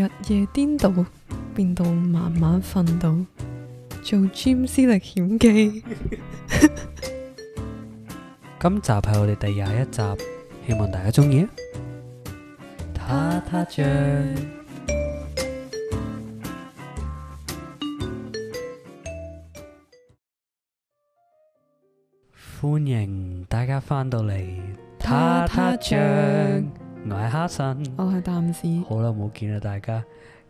日夜顛倒，變到慢慢瞓到，做 gym 歷險記。今集係我哋第廿一集，希望大家中意。踏踏象，歡迎大家翻到嚟。踏踏象。我係哈神，我係啖子，好耐冇見啦，大家，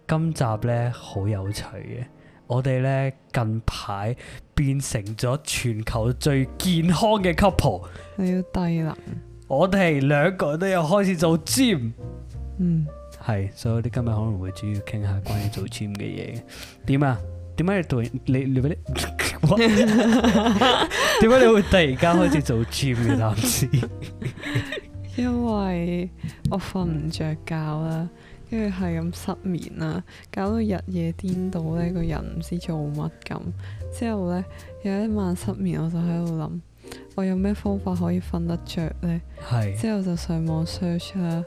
今集咧好有趣嘅，我哋咧近排變成咗全球最健康嘅 couple，你要低啦，我哋兩個人都有開始做 gym，嗯，係，所以我哋今日可能會主要傾下關於做 gym 嘅嘢，點啊， 點解你突然你你俾你，點解你，你，你， 你會突然間開始做 gym 嘅啖子？ 因為我瞓唔着覺啦，跟住係咁失眠啦，搞到日夜顛倒咧，個人唔知做乜咁。之後咧有一晚失眠，我就喺度諗，我有咩方法可以瞓得着咧？係。之後就上網 search 啦。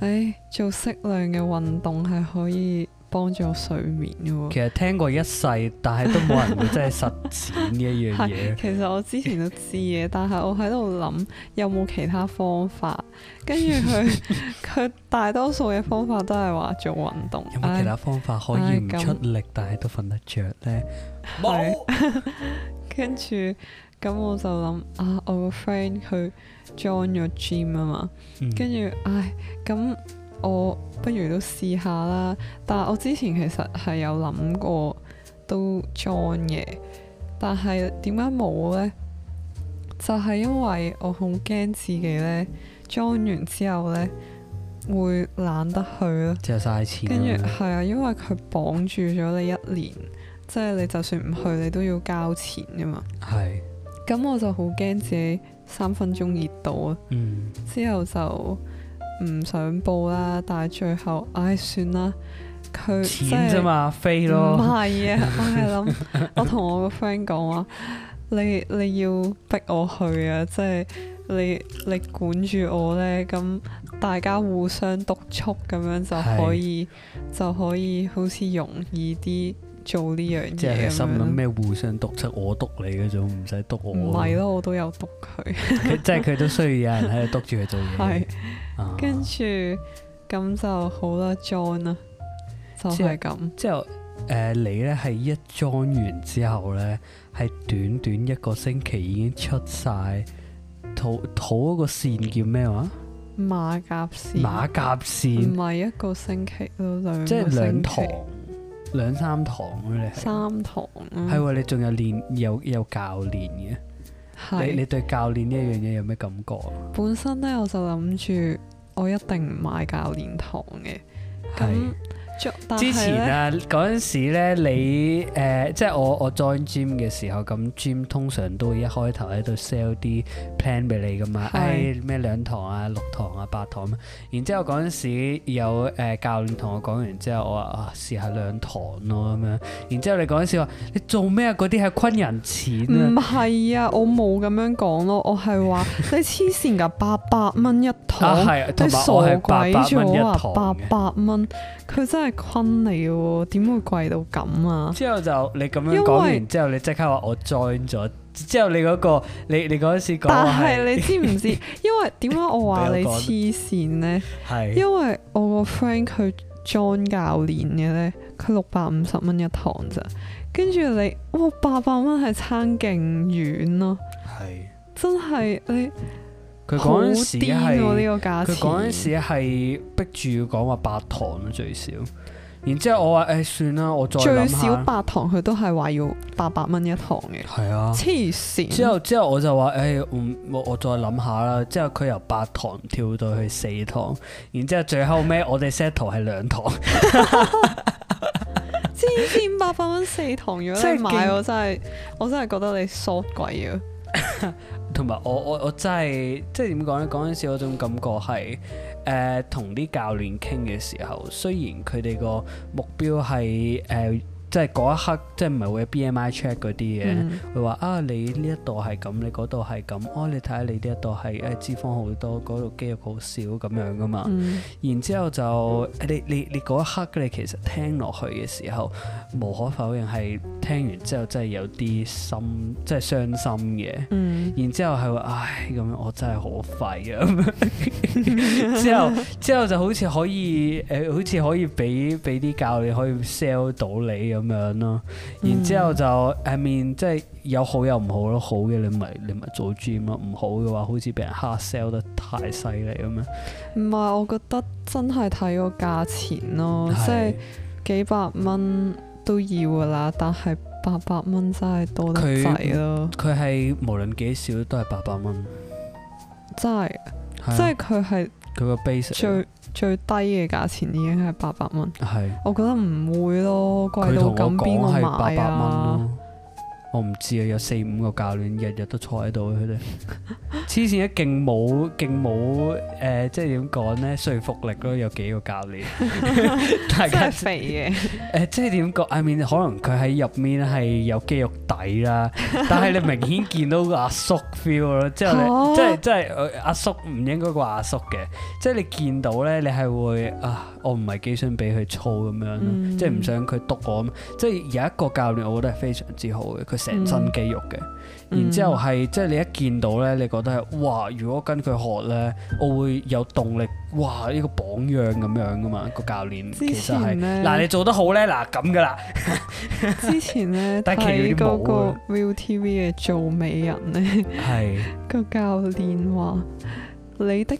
唉、哎，做適量嘅運動係可以。幫助睡眠喎，其實聽過一世，但係都冇人會真係實踐呢一樣嘢。其實我之前都知嘅，但係我喺度諗有冇其他方法。跟住佢佢大多數嘅方法都係話做運動。有冇其他方法可以唔出力，哎哎、但係都瞓得着呢？係是。跟住咁我就諗啊，我個 friend 佢 join 咗 gym 啊嘛。跟住唉咁。我不如都試下啦，但係我之前其實係有諗過都 join 嘅，但係點解冇呢？就係因為我好驚自己呢 join 完之後呢會懶得去啦。就嘥錢。跟住係啊，因為佢綁住咗你一年，即係你就算唔去，你都要交錢噶嘛。係。咁我就好驚自己三分鐘熱度啊！嗯。之後就。唔想報啦，但係最後，唉、哎，算啦。佢即係飛咯。唔係啊，我係諗，我同我個 friend 講話，你你要逼我去啊，即係你你管住我呢。咁大家互相督促咁樣就可以的就可以好似容易啲。做呢樣嘢，即係心諗咩互相督出 我督你嗰種，唔使督我。唔係咯，我都有督佢。 即係佢都需要有人喺度督住佢做嘢。係 是，啊、跟住咁就好啦，裝啦，就係、是、咁。之後誒、呃，你咧係一裝完之後咧，係短短一個星期已經出晒肚肚嗰個線叫咩話？馬甲線。馬甲線。唔係一個星期咯，兩即係兩堂。兩三堂咯，你三堂課啊，係喎，你仲有練有有教練嘅，係是你，你對教練呢一樣嘢有咩感覺？嗯，本身咧我就諗住我一定唔買教練堂嘅，咁。之前啊，嗰陣時咧，你誒、呃、即係我我 join gym 嘅時候，咁 gym 通常都會一開頭喺度 sell 啲 plan 俾你噶嘛，誒咩是、哎、兩堂啊、六堂啊、八堂，啊。然之後嗰陣時有誒、呃、教練同我講完之後，我話啊試下兩堂咯咁樣，然之後你嗰陣時話你做咩啊？嗰啲係昆人錢啊！唔係啊，我冇咁樣講咯，我係話 你黐線噶，八百蚊一堂，啊、你傻鬼咗啊！八百蚊，佢真係～坤你嘅喎，點會貴到咁啊？之後就你咁樣講完之為後，你後你、那個，你即刻話我 join 咗。之後你嗰個你你嗰一次講但係你知唔知？ 因為點解我話你黐線呢？係因為我個 friend 佢 join 教練嘅呢，佢六百五十蚊一堂咋，跟住你哇八百蚊係差勁遠咯，係真係你。是佢嗰陣時係呢個價錢佢嗰陣時係逼住要講話八堂咯最少，然之後我話誒、欸、算啦，我再諗下最少八堂佢都係話要八百蚊一堂嘅，係啊黐線。之後之後我就話誒我我再諗下啦，之後佢由八堂跳到去四堂，然之後最後尾我哋 settle 係兩堂，千八百蚊四堂如果你買我真係我真係覺得你傻鬼啊！ 同埋我我我真係即係點講咧？嗰陣時我種感覺係誒，同、呃、啲教練傾嘅時候，雖然佢哋個目標係誒。呃即係嗰一刻，即係唔係會 B M I check 嗰啲嘅，會話啊你呢一度係咁，你嗰度係咁，哦你睇下、啊、你呢一度係誒脂肪好多，嗰度肌肉好少咁樣噶嘛。嗯、然之後就你你你嗰一刻你其實聽落去嘅時候，無可否認係聽完之後真係有啲心即係傷心嘅。嗯、然之後係話唉咁樣我真係好廢啊！之 後之後就好似可以誒、呃、好似可以俾俾啲教練你可以 sell 到你咁。咁樣咯，然之後就、嗯、I mean 即係有好有唔好咯，好嘅你咪你咪做 gym 咯，唔好嘅話好似俾人 hard sell 得太犀利咁樣。唔係，我覺得真係睇個價錢咯，是即係幾百蚊都要噶啦，但係八百蚊真係多得佢。咯。佢係無論幾少都係八百蚊，真係是，啊、即係佢係佢個 base 最。最低嘅價錢已經係八百蚊，的我覺得唔會咯，貴到咁邊個買啊？我唔知啊，有四五個教練日日都坐喺度，佢哋黐線，一勁冇勁冇，誒，即係點講咧？說服力咯，有幾個教練， 大家 肥嘅誒 、呃，即係點講？面 I mean, 可能佢喺入面係有肌肉底啦，但係你明顯見到個阿叔 feel 咯， 即係即係即係阿叔唔應該個阿叔嘅，即係你見到咧，你係會啊，我唔係幾想俾佢操咁樣即係唔想佢督我咁。即係有一個教練，我覺得係非常之好嘅，佢。成身肌肉嘅，嗯、然之後係即係你一見到咧，你覺得係哇！如果跟佢學咧，我會有動力哇！呢個榜樣咁樣噶嘛，個教練其實係嗱，你做得好咧，嗱咁噶啦。 之前咧， 但係睇嗰個 Viu TV 嘅做美人咧，個 是 教練話你的。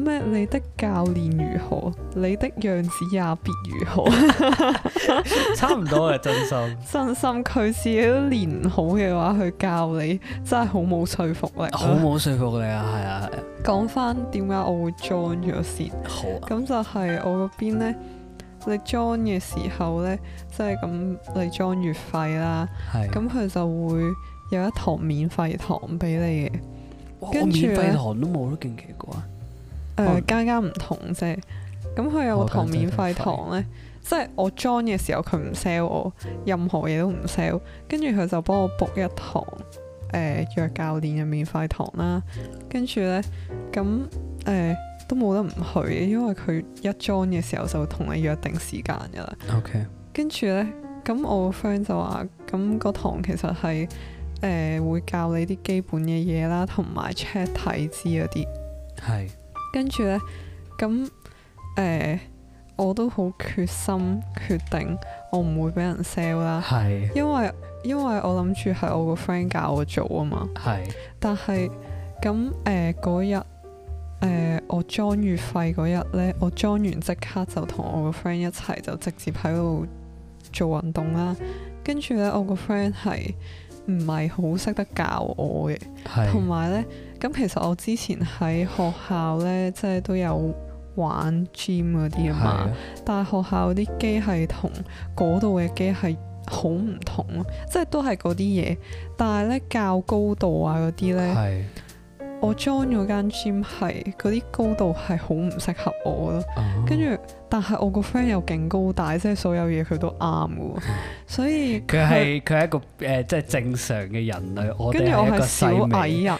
咩？你的教練如何？你的樣子也別如何？ 差唔多係真心，真心佢自己都練好嘅話，去教你真係好冇說服力，好冇說服力啊！係啊係啊。講翻點解我會 join 咗先，好、啊。咁就係我嗰邊呢，你 join 嘅時候呢，即係咁你 join 月費啦，係是。咁佢就會有一堂免費堂俾你嘅，哇跟住啊，堂都冇得勁奇怪。誒、呃、我間間唔同啫，咁佢有堂免費堂呢？即係我 join 嘅時候佢唔 sell 我任何嘢都唔 sell，跟住佢就幫我 book 一堂誒、呃、約教練嘅免費堂啦。跟住呢，咁誒、呃、都冇得唔去嘅，因為佢一 join 嘅時候就同你約定時間㗎喇。OK。跟住呢，咁我個 friend 就話：，咁、個堂其實係誒、呃、會教你啲基本嘅嘢啦，同埋 check 體脂嗰啲。係。跟住咧，咁誒、呃，我都好決心決定，我唔會俾人 sell 啦。係是。因為因為我諗住係我個 friend 教我做啊嘛。係是。但係咁誒嗰日誒我裝月費嗰日咧，我裝完即刻就同我個 friend 一齊就直接喺度做運動啦。跟住咧，我個 friend 係唔係好識得教我嘅，同埋咧。咁其實我之前喺學校咧，即係都有玩 gym 嗰啲啊嘛，但係學校啲機係同嗰度嘅機係好唔同咯，即係都係嗰啲嘢，但係咧較高度啊嗰啲咧。我 join 嗰間 gym 係，嗰啲高度係好唔適合我咯，跟住、哦、但係我個 friend 又勁高大，即係所有嘢佢都啱嘅，所以佢係佢係一個誒、呃、即係正常嘅人類。我跟住我係小矮人，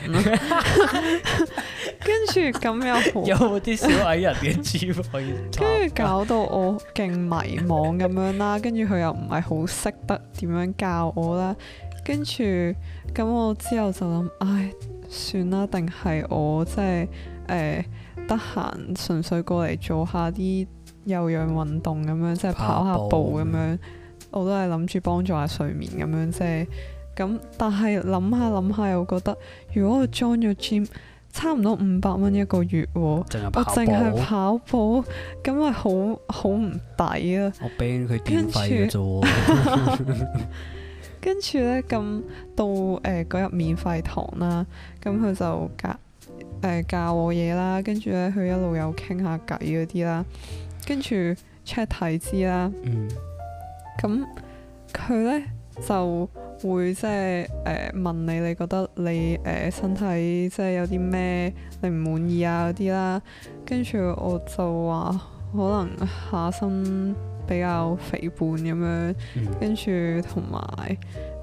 跟住咁又 有啲小矮人嘅 gym 可以跟住搞到我勁迷惘咁樣啦，跟住佢又唔係好識得點樣教我啦，跟住咁我之後就諗唉。算啦，定係我即係誒得閒，欸、純粹過嚟做下啲有氧運動咁樣，即係跑下步咁步樣。我都係諗住幫助下睡眠咁樣啫。咁但係諗下諗下又覺得，如果我 join 咗 gym，差唔多五百蚊一個月喎。我淨係跑步，咁咪好好唔抵啊！我俾佢電費嘅啫 跟住咧，咁到誒嗰日免費堂啦，咁佢就教誒、呃、教我嘢啦，跟住咧佢一路又傾下偈嗰啲啦，跟住 check 體脂啦，嗯，咁佢咧就會即係誒問你，你覺得你誒、呃、身體即係有啲咩你唔滿意啊嗰啲啦，跟住我就話可能下身。比較肥胖咁樣，跟住同埋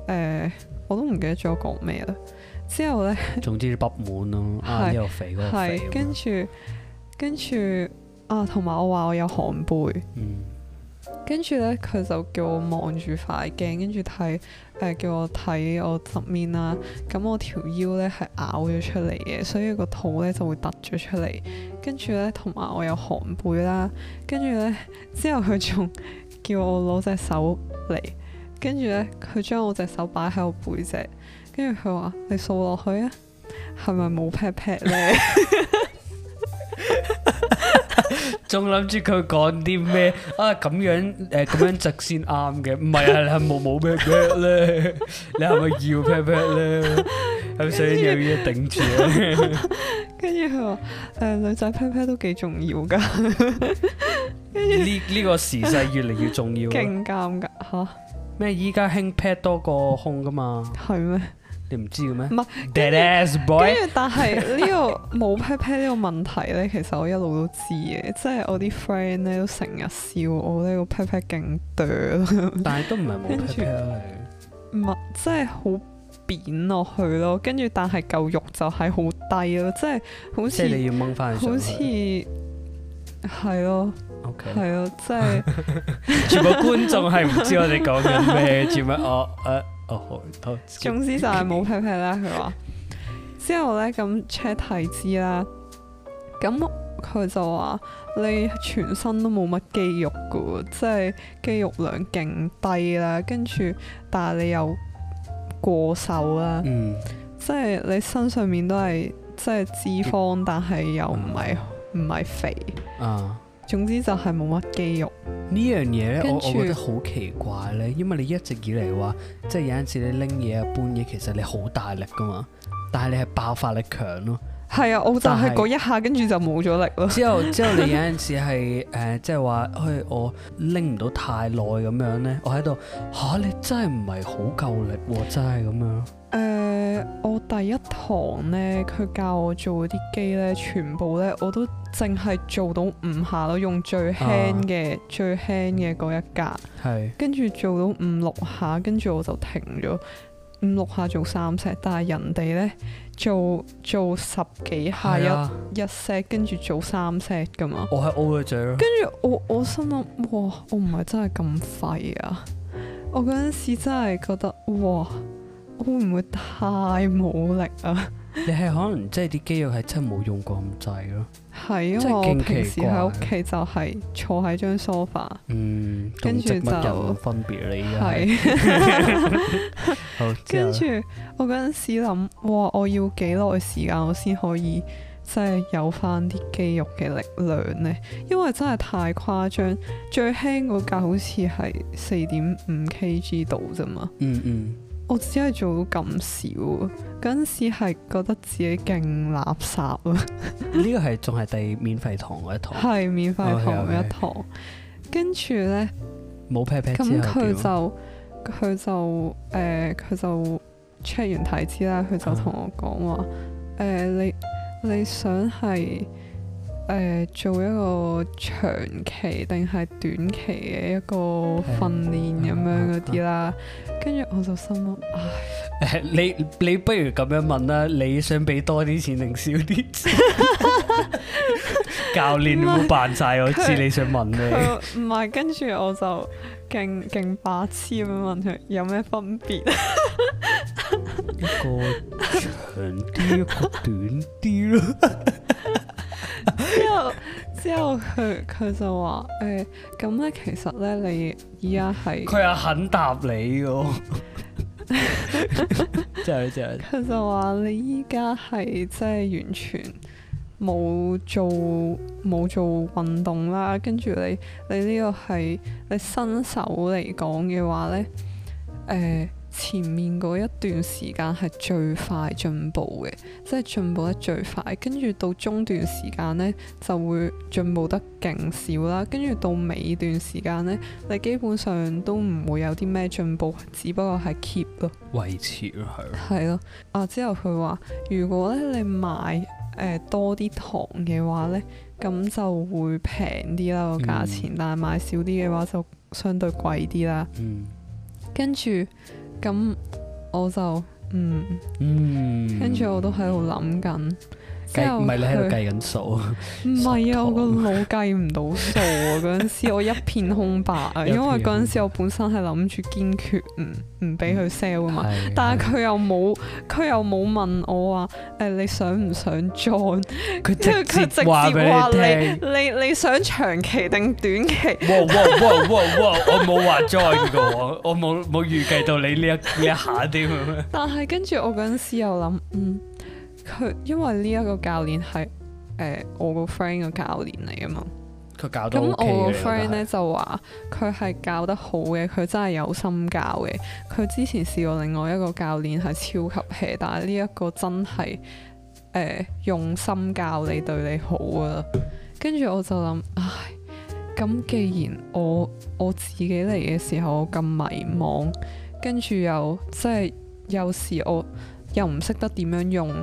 誒，我都唔記得咗講咩啦。之後咧，總之不滿咯，又肥，啊，是肥。係嘛，跟住跟住啊，同埋我話我有寒背，嗯，跟住咧佢就叫我望住塊鏡，跟住睇。誒、呃、叫我睇我側面啦，咁我條腰咧係拗咗出嚟嘅，所以個肚咧就會凸咗出嚟。跟住咧，同埋我有寒背啦。跟住咧，之後佢仲叫我攞隻手嚟，跟住咧，佢將我隻手擺喺我背脊，跟住佢話：你掃落去啊，係咪冇 pat pat 咧？ 仲諗住佢講啲咩啊？咁樣誒，咁樣直先啱嘅？唔係啊，你係冇冇咩 pat pat 咧？ 你係咪要 pat pat 咧？係咪後想有嘢頂住，跟住佢話誒，女仔 pat pat 都幾重要噶 後。呢呢、這個時勢越嚟越重要。 勁奸噶吓咩？依家興 pat pat 多過胸噶嘛？係咩？你唔知嘅咩不？Dead ass boy。跟住但係呢、呢個冇 pat pat 呢個問題咧，其實我一路都知嘅，即係我啲 friend 咧都成日笑我呢個 pat pat 勁短。但係都唔係冇 pat pat 唔係，即係好扁落去咯。跟住但係舊肉就係好低咯，即係好似。即係你要掹翻上去。好似係咯，係咯，即係。全部觀眾係唔知我哋講緊咩？做乜我？呃哦，好，總之就係冇皮皮啦。佢話 之後咧咁 check 體脂啦，咁佢就話你全身都冇乜肌肉噶，即係肌肉量勁低啦，跟住但係你又過瘦啦，即係、嗯、你身上面都係即係脂肪，嗯、但係又唔係唔係肥啊。嗯總之就係冇乜肌肉樣，呢樣嘢咧，跟著我我覺得好奇怪咧，因為你一直以嚟話，即係有陣時你拎嘢啊搬嘢，其實你好大力噶嘛，但係你係爆發力強咯。係啊，我但係嗰一下是跟住就冇咗力咯。之後之後你有陣時係誒、 呃，即係話，去、哎、我拎唔到太耐咁樣咧，我喺度吓，你真係唔係好夠力喎，真係咁樣。誒、呃，我第一堂咧，佢教我做啲機咧，全部咧我都淨係做到五下咯，用最輕嘅、啊、最輕嘅嗰一格，係跟住做到五六下，跟住我就停咗五六下做三 set，但係人哋咧做做十幾下是、啊、一一 set，跟住做三 set 噶嘛。我係 O 咗嘴咯。跟住我我心諗，哇！我唔係真係咁廢啊！我嗰陣時真係覺得，哇！會唔會太冇力啊？你係可能即係啲肌肉係真係冇用過咁滯咯。係啊，因為我平時喺屋企就係坐喺張 sofa。嗯，跟住就,就冇分別啦。係。跟住我嗰陣時諗，哇！我要幾耐時間我先可以即係有翻啲肌肉嘅力量呢？因為真係太誇張，最輕嗰架好似係四點五 kg 度啫嘛。嗯嗯。嗯我只係做到咁少，嗰陣時係覺得自己勁垃圾啊！呢個係仲係第免費堂嗰一堂，係免費堂嗰一堂。跟住咧，冇 pat pat 咁佢就佢就誒佢就 check 完體脂啦，佢就同我講話誒你你想係。誒、呃，做一個長期定係短期嘅一個訓練咁樣嗰啲啦，跟住、嗯嗯嗯啊、我就心諗，唉，呃、你你不如咁樣問啦，你想俾多啲錢定少啲錢？ 教練扮晒，我知你想問咩？唔係，跟住我就勁勁白痴咁樣問佢，有咩分別啊？一個長啲，一個短啲咯。 之後之後佢佢就話，誒，咁咧其實咧你依家係佢係肯答你嘅，即係。佢就話你依家係即係完全冇做冇做運動啦，跟住你你呢個係你新手嚟講嘅話咧誒。呃前面嗰一段時間係最快進步嘅，即係進步得最快。跟住到中段時間呢，就會進步得勁少啦。跟住到尾段時間呢，你基本上都唔會有啲咩進步，只不過係 keep 咯，維持咯，係咯。啊！之後佢話，如果咧你買誒、呃、多啲糖嘅話呢，咁就會平啲啦個、嗯、價錢，但係買少啲嘅話就相對貴啲啦。嗯、跟住。咁我就嗯，跟住、嗯、我都喺度諗緊。唔係你喺度計緊數，唔係啊！我個腦計唔到數啊！嗰陣時我一片空白啊，因為嗰陣時我本身係諗住堅決唔唔俾佢 sell 啊嘛，但係佢又冇佢又冇問我話，誒，你想唔想 join？佢直接話你你你想長期定短期？哇哇哇哇！我冇話 join 過，我冇冇預計到你呢一呢一下添。但係跟住我嗰陣時又諗，嗯。佢因為呢一個教練係誒我個 friend 嘅教練嚟㗎嘛，咁、OK、我個 friend 咧就話佢係教得好嘅，佢真係有心教嘅。佢之前試過另外一個教練係超級 hea，但係呢一個真係誒、呃、用心教你，對你好啊。跟住 我就諗，唉，咁既然我我自己嚟嘅時候咁迷茫，跟住又即係有時我又唔識得點樣用。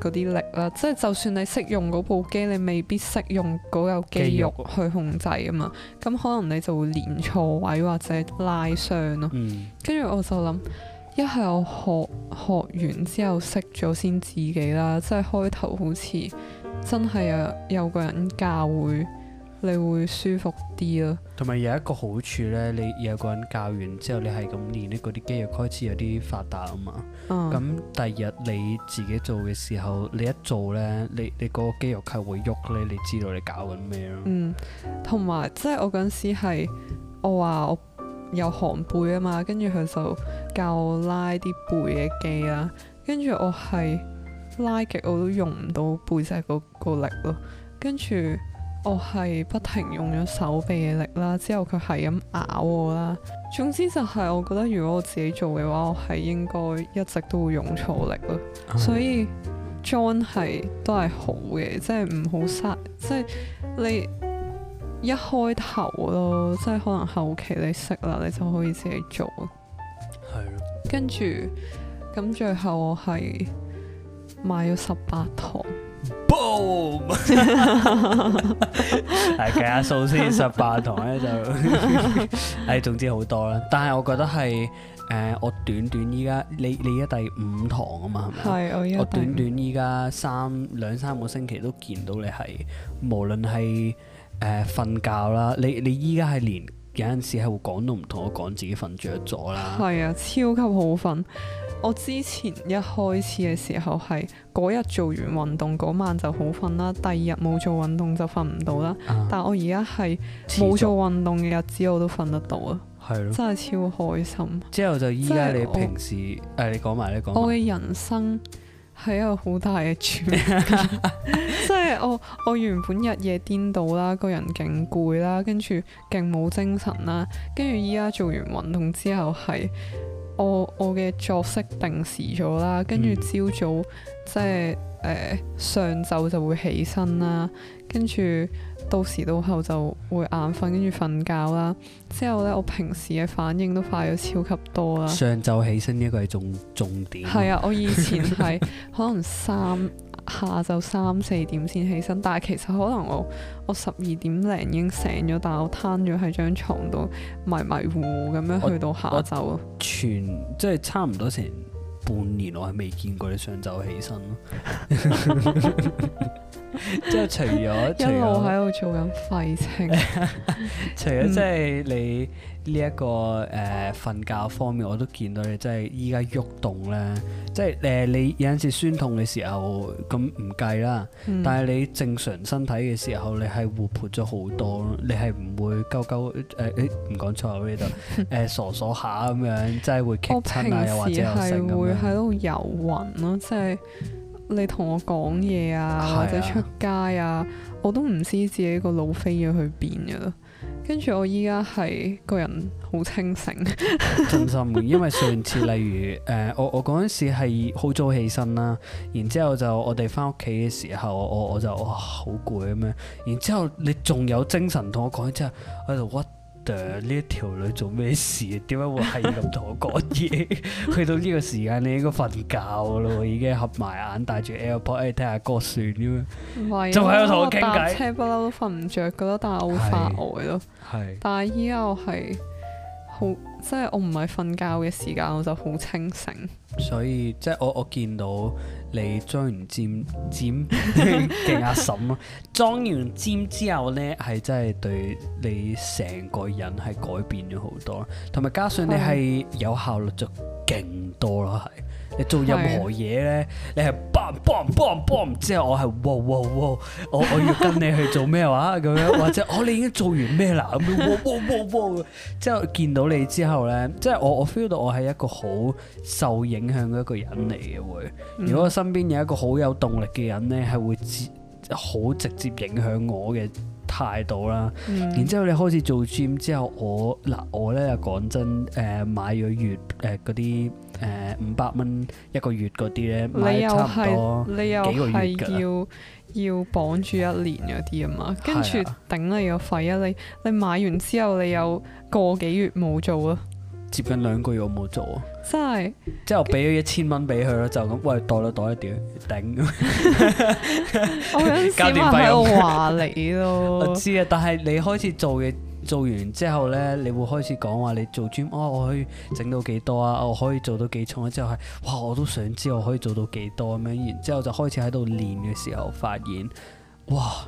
嗰啲力啦，即係就算你識用嗰部機，你未必識用嗰嚿肌肉去控制啊嘛。咁可能你就會練錯位或者拉傷咯。跟住、嗯、我就諗，一係我學學完之後識咗先自己啦。即係開頭好似真係有個人教會你會舒服啲咯。同埋有一個好處呢，你有個人教完之後，你係咁練呢嗰啲肌肉開始有啲發達啊嘛。咁、嗯、第二日你自己做嘅時候，你一做咧，你你個肌肉係會喐咧，你知道你搞緊咩咯？嗯，同埋即係我嗰陣時係我話我有寒背啊嘛，跟住佢就教我拉啲背嘅肌啦，跟住我係拉極我都用唔到背脊嗰、嗰個力咯，跟住。我係不停用咗手臂嘅力啦，之後佢係咁咬我啦。總之就係我覺得，如果我自己做嘅話，我係應該一直都會用錯力咯。嗯、所以 join 係都係好嘅，即係唔好嘥。即係你一開頭咯，即係可能後期你識啦，你就可以自己做。咯了。跟住咁，最後我係買咗十八堂。boom，係計下數先，十八堂咧就，誒，總之好多啦。但係我覺得係，誒、呃，我短短依家，你你依家第五堂啊嘛，係咪？係我 我短短依家三兩三個星期都見到你係，無論係誒瞓覺啦，你你依家係連有陣時喺度講都唔同我講，自己瞓着咗啦。係啊，超級好瞓。我之前一開始嘅時候係嗰日做完運動嗰晚就好瞓啦，第二日冇做運動就瞓唔到啦。嗯、但我而家係冇做運動嘅日子我都瞓得到啊，係咯、嗯，真係超開心。之後就依家你平時誒、啊，你講埋你講。我嘅人生係一個好大嘅轉變，即係我我原本日夜顛倒啦，個人勁攰啦，跟住勁冇精神啦，跟住依家做完運動之後係。我我嘅作息定時咗啦，跟住朝早，早即係誒、呃、上晝就會起身啦，跟住到時到後就會眼瞓，跟住瞓覺啦。之後呢，我平時嘅反應都快咗超級多啦。上晝起身呢個係重重點。係啊，我以前係可能三。 下晝三四點先起身，但係其實可能我我十二點零已經醒咗，但我攤咗喺張床度迷迷糊糊咁樣去到下晝。全即係差唔多成半年，我係未見過你上晝起身咯。 即係除咗一路喺度做緊廢青， 除咗即係你。嗯呢一、呢個誒瞓、呃、覺方面，我都見到你真係依家喐動咧，即係誒、呃、你有陣時酸痛嘅時候，咁唔計啦。嗯、但係你正常身體嘅時候，你係活潑咗好多，你係唔會鳩鳩誒誒唔講錯啊，呢度誒傻傻下咁樣，真 即係會傾親啊，又或者係會喺度遊魂咯，即係你同我講嘢啊，或者出街啊，是啊我都唔知自己個腦飛咗去邊噶啦。跟住我依家係個人好清醒，真心嘅。因為上次例如誒，我我嗰陣時係好早起身啦，然之後就我哋翻屋企嘅時候，我我就哇好攰咁樣，然之後你仲有精神同我講，即係喺度屈。呢一條女做咩事？點解會係咁同我講嘢？ 去到呢個時間你應該瞓覺咯，已經合埋眼戴住 AirPod，誒、欸、聽下歌算咁樣。唔係、啊，就喺度同我傾偈。車，不嬲都瞓唔着噶咯，但係我會發呆咯。係，但係依家我係好。即係我唔係瞓覺嘅時間，我就好清醒。所以即係我我見到你裝完尖尖 阿嬸咯，裝完尖之後咧係真係對你成個人係改變咗好多，同埋加上你係有效率就勁多咯，係、嗯。你做任何嘢咧，的你係 bang bang bang bang，之後我係 wow wow wow，我我要跟你去做咩話咁樣，或者哦，你已經做完咩啦咁樣 wow wow wow，之後見到你之後咧，即係我我 feel 到我係一個好受影響嘅一個人嚟嘅會。嗯、如果我身邊有一個好有動力嘅人咧，係會直好直接影響我嘅態度啦。嗯、然之後你開始做 gym 之後，我嗱、呃、我咧又講真誒、呃、買咗月誒嗰啲。呃誒五百蚊一個月嗰啲咧，你又係你又係要要綁住一年嗰啲啊嘛，跟住頂你個肺啊！你你買完之後你有個幾月冇做啊？接近兩個月我冇做啊！真係是，之後俾咗一千蚊俾佢咯，就咁喂，袋啦袋啦屌，頂！ 我諗試下喺度話你咯。 我知啊，但係你開始做嘅。做完之後呢，你會開始講話你做 gym 哦，我可以整到幾多啊？我可以做到幾重啊？之後係哇，我都想知我可以做到幾多咁樣，啊，然之後就開始喺度練嘅時候，發現哇，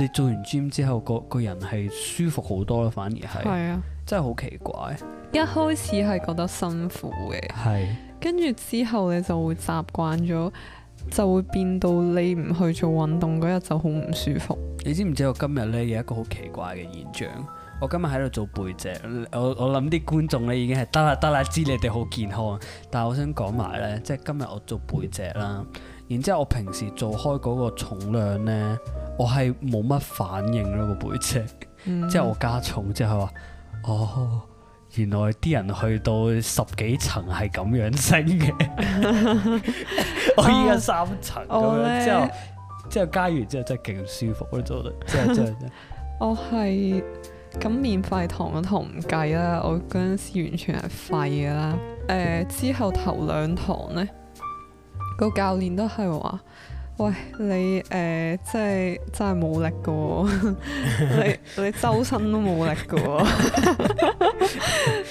你做完 gym 之後個個人係舒服好多咯，啊，反而係係啊，真係好奇怪。一開始係覺得辛苦嘅，係跟住之後你就會習慣咗。就會變到你唔去做運動嗰日就好唔舒服。你知唔知我今日呢有一個好奇怪嘅現象？我今日喺度做背脊，我我諗啲觀眾呢已經係得啦得啦，知你哋好健康。但係我想講埋呢，即係今日我做背脊啦，然之後我平時做開嗰個重量呢，我係冇乜反應咯、嗰個背脊，嗯、即係我加重之後，即係話哦。原來啲人去到十幾層係咁樣升嘅， 我依家三層咁樣，之後，uh, 之後之後加完之後真係勁舒服我 做得真係真係真係。我係咁免費堂嘅堂唔計啦，我嗰陣時完全係廢㗎啦。誒、呃，之後頭兩堂咧，個教練都係話：，喂，你誒，即、呃、係真係冇力嘅， 你你周身都冇力嘅。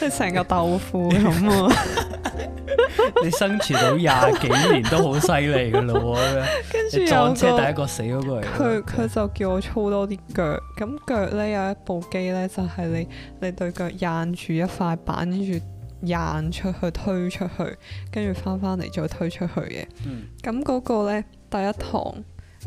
你成 個豆腐咁啊！ 你生存到廿幾年都好犀利噶咯喎， 跟住即係撞車第一個死嗰個。佢佢就叫我操多啲腳，咁腳呢有一部機呢，就係、是、你你對腳硬住一塊板，跟住硬出去推出去，跟住翻返嚟再推出去嘅。嗯，咁嗰個呢，第一堂。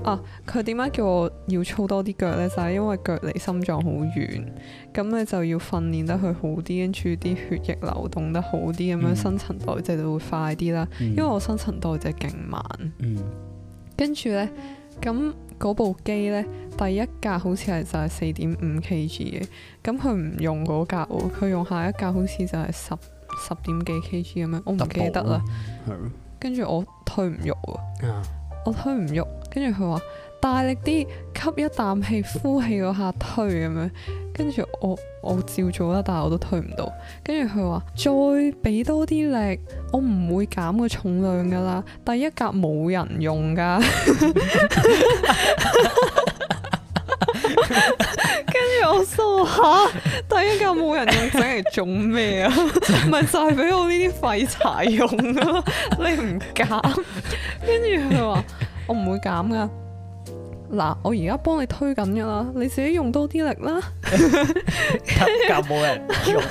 啊！佢點解叫我要操多啲腳呢？就係因為腳離心臟好遠，咁你就要訓練得佢好啲，跟住啲血液流動得好啲，咁樣、嗯、新陳代謝就會快啲啦。嗯、因為我新陳代謝勁慢，嗯、跟住呢，咁嗰部機呢，第一格好似係就係四點五 Kg 嘅，咁佢唔用嗰格喎，佢用下一格好似就係十十點幾 Kg 咁樣，我唔記得啦。跟住我推唔喐啊！我推唔喐。跟住佢話，大力啲吸一啖氣，呼氣嗰下推咁樣，跟住我我照做啦，但係我都推唔到。跟住佢話再俾多啲力，我唔會減個重量噶啦。第一格冇人用噶，跟 住我傻下、啊，第一格冇人用，整嚟做咩啊？咪 就係俾我呢啲廢柴用咯，你唔減。跟住佢話。我唔會減噶，嗱，我而家幫你推緊噶啦，你自己用多啲力啦。夾咁冇人用，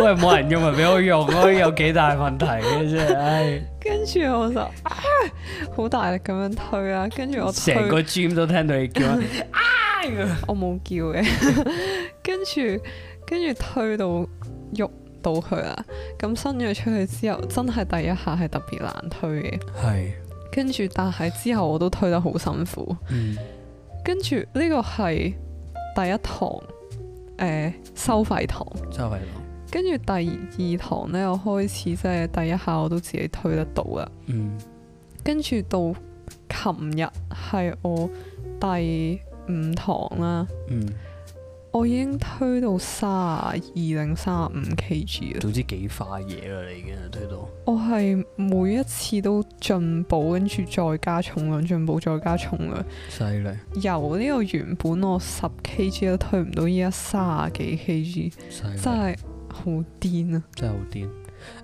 喂，冇人用咪俾我用咯，有幾大問題嘅啫，唉。跟住我就好、啊、大力咁樣推啦、啊，跟住我成個 gym 都聽到你叫、啊， 我冇叫嘅。 跟住跟住推到喐到佢啦，咁伸咗出去之後，真係第一下係特別難推嘅。係。跟住，但係之後我都推得好辛苦。嗯。跟住呢個係第一堂，誒，收費堂。收費堂。費，跟住第二堂呢，我開始即係第一下我都自己推得到啦。嗯。跟住到琴日係我第五堂啦。嗯。我已經推到卅二定卅五 kg 啦，總之幾快嘢啦，你已經推到。我係每一次都進步，跟住再加重量，進步再加重量。犀利。由呢個原本我十 kg 都推唔到，依家三十幾 kg，真係好癲啊！真係好癲。誒、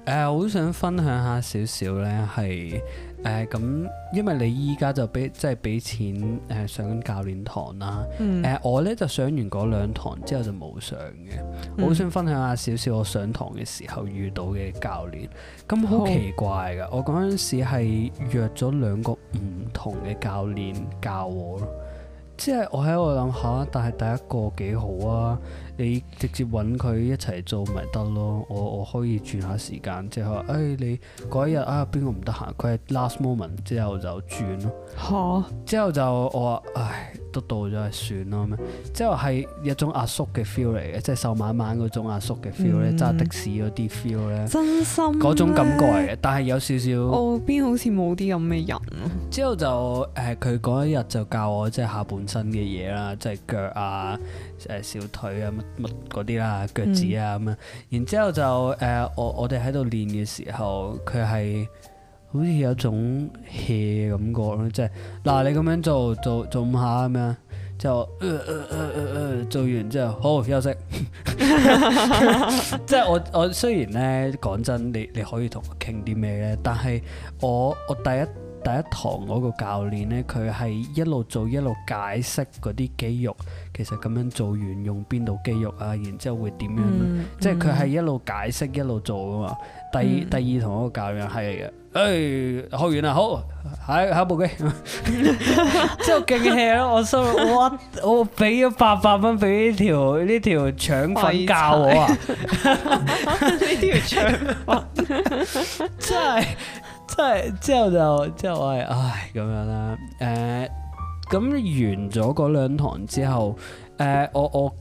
呃，我都想分享下少少呢，係。誒，咁、呃、因為你依家就俾即係俾錢誒上緊教練堂啦。誒、嗯呃，我咧就上完嗰兩堂之後就冇上嘅。嗯、我好想分享下少少我上堂嘅時候遇到嘅教練。咁好奇怪噶，oh. 我嗰陣時係約咗兩個唔同嘅教練教我咯。即係我喺度諗下，但係第一個幾好啊！你直接揾佢一齊做咪得咯。我我可以轉下時間，即係話誒你嗰一日啊邊個唔得閒？佢、哎、係 last moment 之後就轉咯。啊、之後就我話唉，都到咗係算咯咩？之後係一種阿叔嘅 feel 嚟嘅，即係瘦晚晚嗰種阿叔嘅 feel 咧，揸、嗯、的士嗰啲 feel 咧，真心嗰種感覺嚟嘅。但係有少少，邊好似冇啲咁嘅人。之後就誒佢嗰一日就教我即係下半。新嘅嘢啦，即係腳啊，誒、呃、小腿啊，乜乜嗰啲啦，腳趾啊咁樣。然之後就誒、呃，我我哋喺度練嘅時候，佢係好似有種 hea 感覺咯， 即係嗱，你咁樣做做做下咁樣，樣樣就、呃呃呃呃、做完之後，好休息。 即係我我，我雖然咧講真，你你，你，你可以同我傾啲咩咧，但係我我，我第一。第一堂嗰個教練咧，佢係一路做一路解釋嗰啲肌肉，其實咁樣做完用邊度肌肉啊，然之後會點樣？嗯、即係佢係一路解釋一路做噶嘛。第二、嗯、第二堂嗰個教練係嘅，誒、欸、學完啦，好，下一部機，之後勁 hea 我心我我俾咗八百蚊俾呢條呢條腸瞓覺我啊，呢條腸，真係。即係之後就之後係唉咁樣啦，誒、呃、咁完咗嗰兩堂之後，誒、呃、我我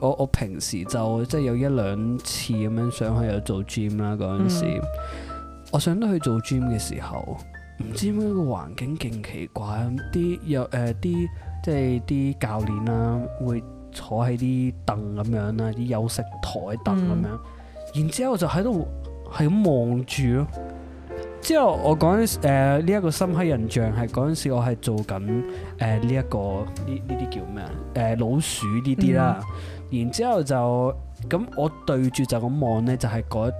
我我平時就即係有一兩次咁樣上去有做 gym 啦嗰陣時，我上到去做 gym 嘅時候，唔、嗯、知點解個環境勁奇怪，啲有誒啲、呃、即係啲教練啦、啊、會坐喺啲凳咁樣啦啲休息台凳咁樣，嗯、然之後我就喺度係咁望住咯。之後我嗰陣誒呢一個深刻印象，係嗰陣時我係做緊誒呢一個呢呢啲叫咩啊，誒老鼠呢啲啦，嗯、然之後就咁我對住就咁望咧，就係嗰一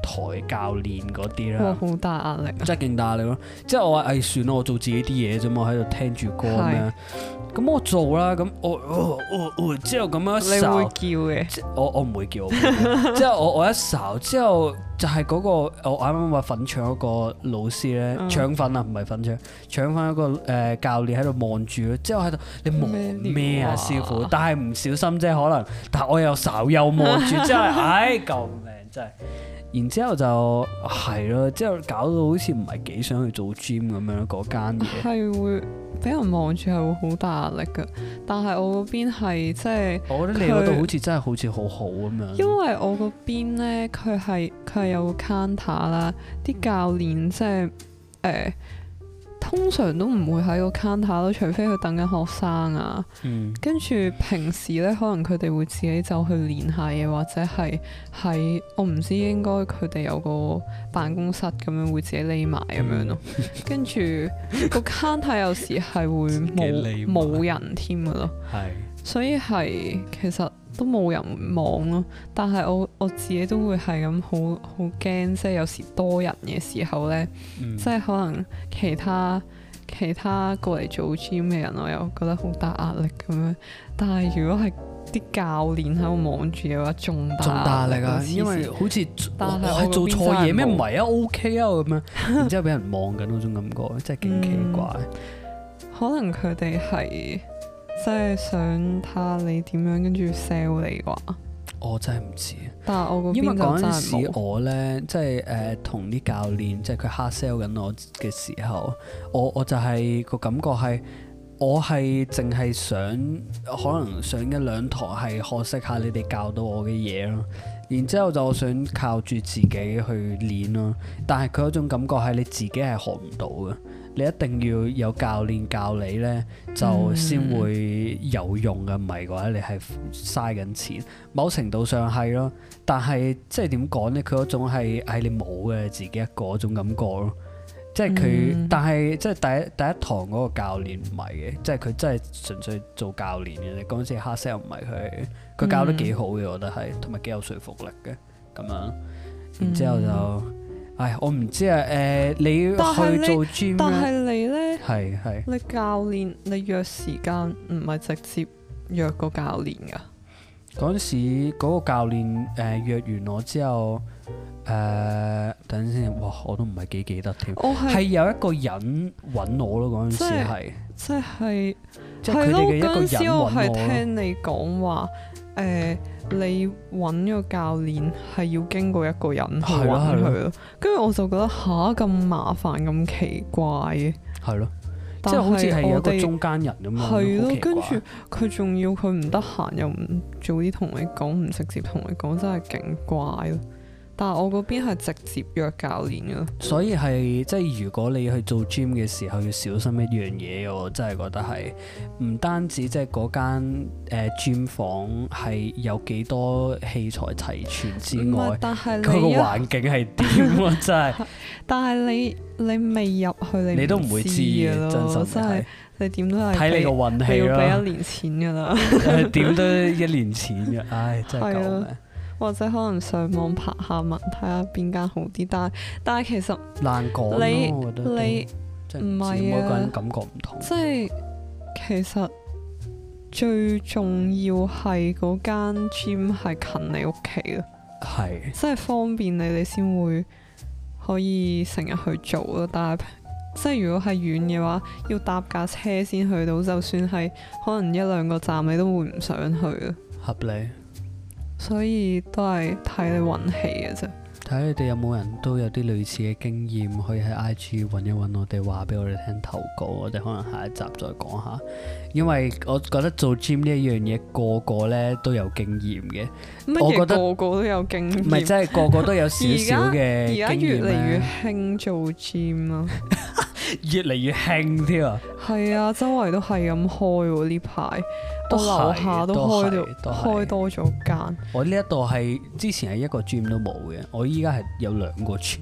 台教練嗰啲啦，好大壓力，真係勁大壓力咯。 之後我話唉、哎，算啦，我做自己啲嘢啫嘛，喺度聽住歌咩對。咁我做啦，咁我之後咁樣，哦哦、你會叫嘅，我我唔會叫，即係我、ouais、 後我一睄之後就係嗰個我啱啱話粉腸嗰個老師咧，腸粉啊唔係粉腸，腸粉嗰個、呃、教練喺度望住咯，之後喺度你望咩啊師傅？但係唔小心即係可能，但我又睄又望住，之、 就是、後唉、嗯，救命真係！然之後就係咯，之後搞到好似唔係幾想去做 gym 咁樣嗰間嘢，係會。俾人望住係會好大壓力㗎，但係我嗰邊係即係，我覺得你嗰度它好似真係好似好好咁樣。因為我嗰邊咧，佢係佢係有個 counter 啦，啲教練即係誒。呃通常都唔會喺個 counter 咯，除非佢等緊學生啊。跟住、嗯、平時咧，可能佢哋會自己走去練下嘢，或者係喺我唔知應該佢哋有個辦公室咁樣會自己匿埋咁樣咯。跟住 個 counter 有時係會冇冇 人添噶咯。所以係其實都冇人望咯，但係我我自己都會係咁好好驚，即係有時多人嘅時候咧，嗯、即係可能其他其他過嚟做 gym 嘅人，我又覺得好大壓力咁樣。但係如果係啲教練喺度望住嘅話，仲大壓力啊！因為好似哇我係做錯嘢咩？唔係啊，O、okay、K 啊咁樣，然之後俾人望緊嗰種感覺，真係幾奇怪。嗯、可能佢哋係。即係想睇下你點樣，跟住 sell 你啩？我真係唔知。但係我嗰邊就真係冇。因為嗰陣時我咧，即係誒同啲教練，即係佢黑 sell 緊我嘅時候，我我就係個感覺係，我係淨係想可能上一兩堂係學識下你哋教到我嘅嘢咯。然之後就想靠住自己去練咯，但係佢嗰種感覺係你自己係學唔到嘅，你一定要有教練教你咧，就先會有用嘅，唔係嘅話你係嘥緊錢。某程度上係咯，但係即係點講咧？佢嗰種係係你冇嘅，自己一個嗰種感覺咯。即係佢，但係即係第一第一堂嗰個教練唔係嘅，即係佢真係純粹做教練嘅。嗰陣時黑色又唔係佢，佢教得幾好嘅，嗯、我覺得係，同埋幾有說服力嘅，咁樣。然之後就，嗯、唉，我唔知啊，誒、呃，你去做 gym，啊、但係你咧，係係，你教練，你約時間唔係直接約教練、啊、個教練噶？嗰陣時嗰個教練誒約完我之後。誒，uh, 等先哇！我都唔係幾記得添，係是有一個人揾我咯。嗰陣、就是、時係即係即係佢嘅一個人揾我。我係聽你講話誒、呃，你揾個教練係要經過一個人去揾佢咯。跟住我就覺得嚇咁、啊、麻煩咁奇怪嘅係咯，即係好似係有一個中間人咁樣。係咯的，跟住佢仲要佢唔得閒，又唔早啲同你講，唔直接同你講，真係勁怪咯。但係我嗰邊係直接約教練噶，所以係即係如果你去做 gym 嘅時候要小心一樣嘢，我真係覺得係唔單止即係嗰間誒 gym 房係有幾多器材齊全之外，但佢個環境係點啊真係？但係你 但你，你未入去你，你都唔會知真咯，真係你點都係睇你個運氣咯，要俾一年錢噶啦，點都一年錢嘅，唉真係救命！或者可能上網拍下文睇下邊間好啲，但係但係其實難講咯，你我覺得唔係你真 啊，有冇感覺唔同？即係、就是、其實最重要係嗰間 gym 係近你屋企嘅，係是即係方便你，你先會可以成日去做咯。但係即係如果係遠嘅話，要搭架車先去到，就算係可能一兩個站，你都會唔想去。合理。所以都係睇你運氣嘅啫。睇你哋有冇人都有啲類似嘅經驗，可以喺 IG 揾一揾我哋，話俾我哋聽投稿，我哋可能下一集再講下。因為我覺得做 gym 呢一樣嘢，個個咧都有經驗嘅。我覺得個個都有經驗，唔係真係個個都有少少嘅。而家越嚟越興做 gym 啊，越嚟越興添啊。係啊，周圍都係咁開呢排。到樓下都開咗，開多咗間。我呢一度係之前係一個 gym 都冇嘅，我依家係有兩個 gym。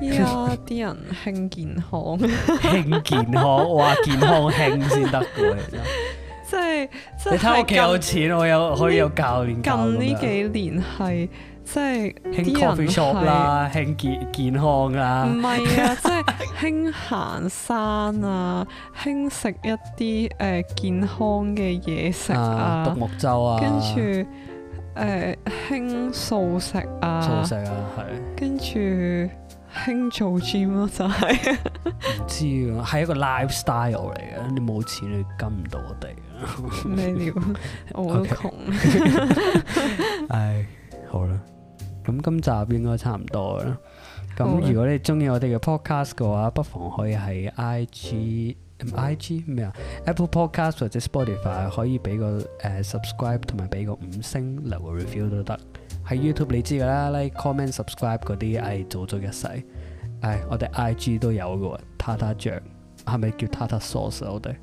依家，啲人興健康，興 健康，哇，健康興先得嘅，真、 就是。即係、即係，你睇我幾有錢，近我有可以有教練。近呢幾年係。即係啲啦，興健健康啦，唔係啊！即係興行山啊，興食一啲誒健康嘅嘢食啊，獨木舟啊，跟住誒興素食啊，素食啊，係跟住興做 gym 咯，就係唔知啊，係一個 lifestyle 嚟嘅，你冇錢你跟唔到我哋啊。咩 料？我都窮。Okay. 唉，好啦。咁、嗯、今集應該差唔多啦。咁的如果你中意我哋嘅 podcast 嘅話，不妨可以喺 IG, IG?、唔 IG 咩啊？Apple Podcast 或者 Spotify 可以俾個誒 subscribe 同埋俾個五星留個 review 都得。喺 YouTube 你知噶啦，like、comment、subscribe 嗰啲，哎做足一世。哎，我哋 IG 都有嘅喎，Tata 醬係咪叫 Tata source？我哋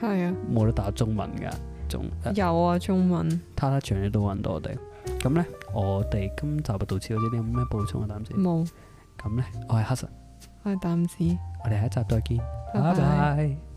係啊，冇得、啊、打中文噶，仲有啊中文 Tata 醬你都揾到我哋。咁咧？我哋今集就到此。有啲有冇咩補充啊？擔子，冇。咁咧，我係黑神，我係擔子，姐我哋下一集再見，拜拜。